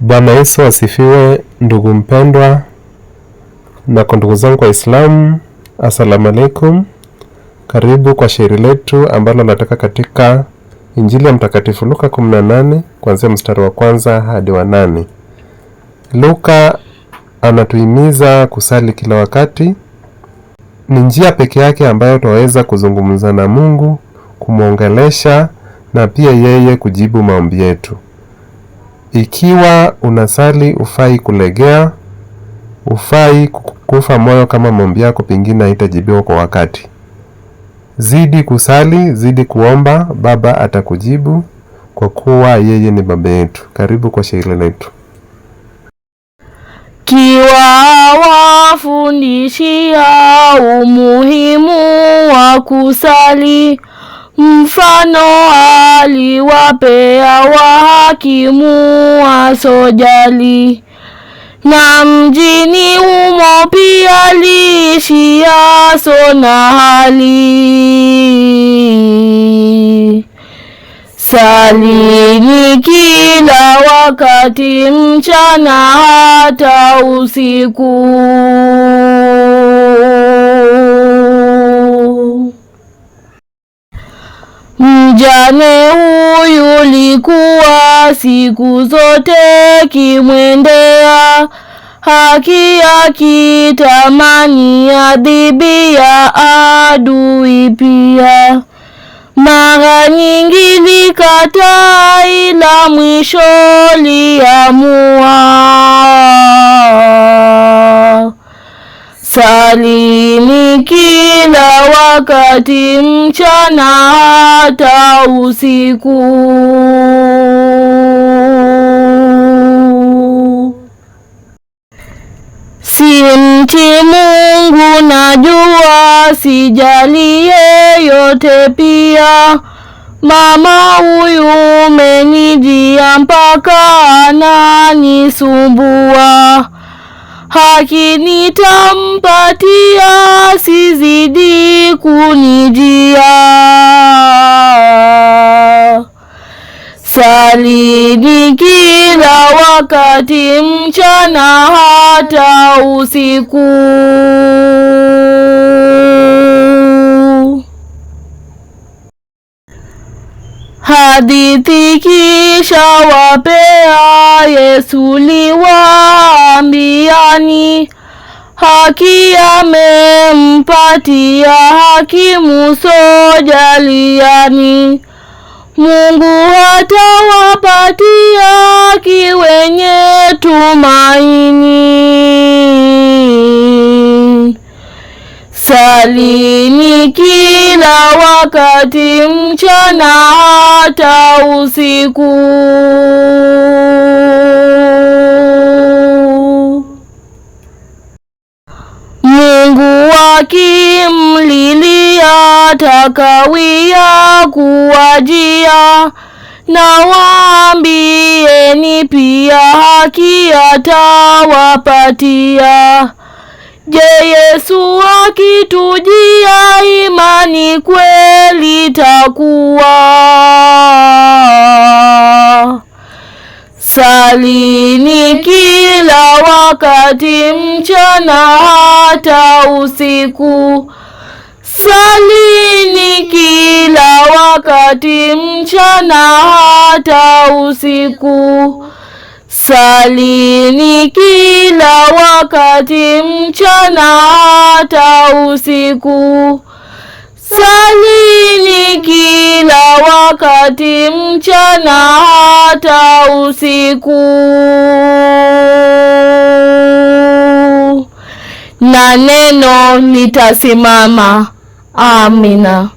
Bwana Yesu asifiwe, ndugu mpendwa na kwa ndugu zangu Waislamu, assalamu alaikum. Karibu kwa shairi letu ambalo nataka katika Injili ya Mtakatifu Luka 18 kuanzia mstari wa kwanza hadi wa nane. Luka anatuhimiza kusali kila wakati. Ni njia peke yake ambayo tunaweza kuzungumza na Mungu, kumwongelesha na pia yeye kujibu maombi yetu. Ikiwa unasali ufai kulegea, ufai kufa moyo kama maombi yako pengine haitajibiwa kwa wakati. Zidi kusali, zidi kuomba, Baba atakujibu kwa kuwa yeye ni Baba yetu. Karibu kwa shairi letu. Kiwawafundishia umuhimu wa kusali Mfano aliwapea wahakimu asojali na mjini humo pia liishiaso na hali. Salini kila wakati, mchana hata usiku. Mjane huyu likuwa siku zote kimwendea, haki akitamani adhibi ya adui pia. Mara nyingi likataa, ila mwisho liamua sali wakati mchana hata usiku. Simchi Mungu najua, sijalie yote pia. Mama huyu menijia mpaka ananisumbua, haki nitampatia sizidi kunijia. Salini kila wakati, mchana hata usiku. Hadithi kisha wapea, Yesu liwaambiani haki amempatia hakimu Sojaliani. Mungu atawapatia haki wenye tumaini. Salini kila wakati, mchana hata usiku. wakimlilia takawia kuwajia na pia haki atawapatia. Je, Yesu akitujia, imani kweli takuwa? Salini kila wakati, mchana hata usiku. Salini kila wakati, mchana hata usiku. Salini kila wakati, mchana hata usiku. Salini wakati mchana hata usiku na neno litasimama. Amina.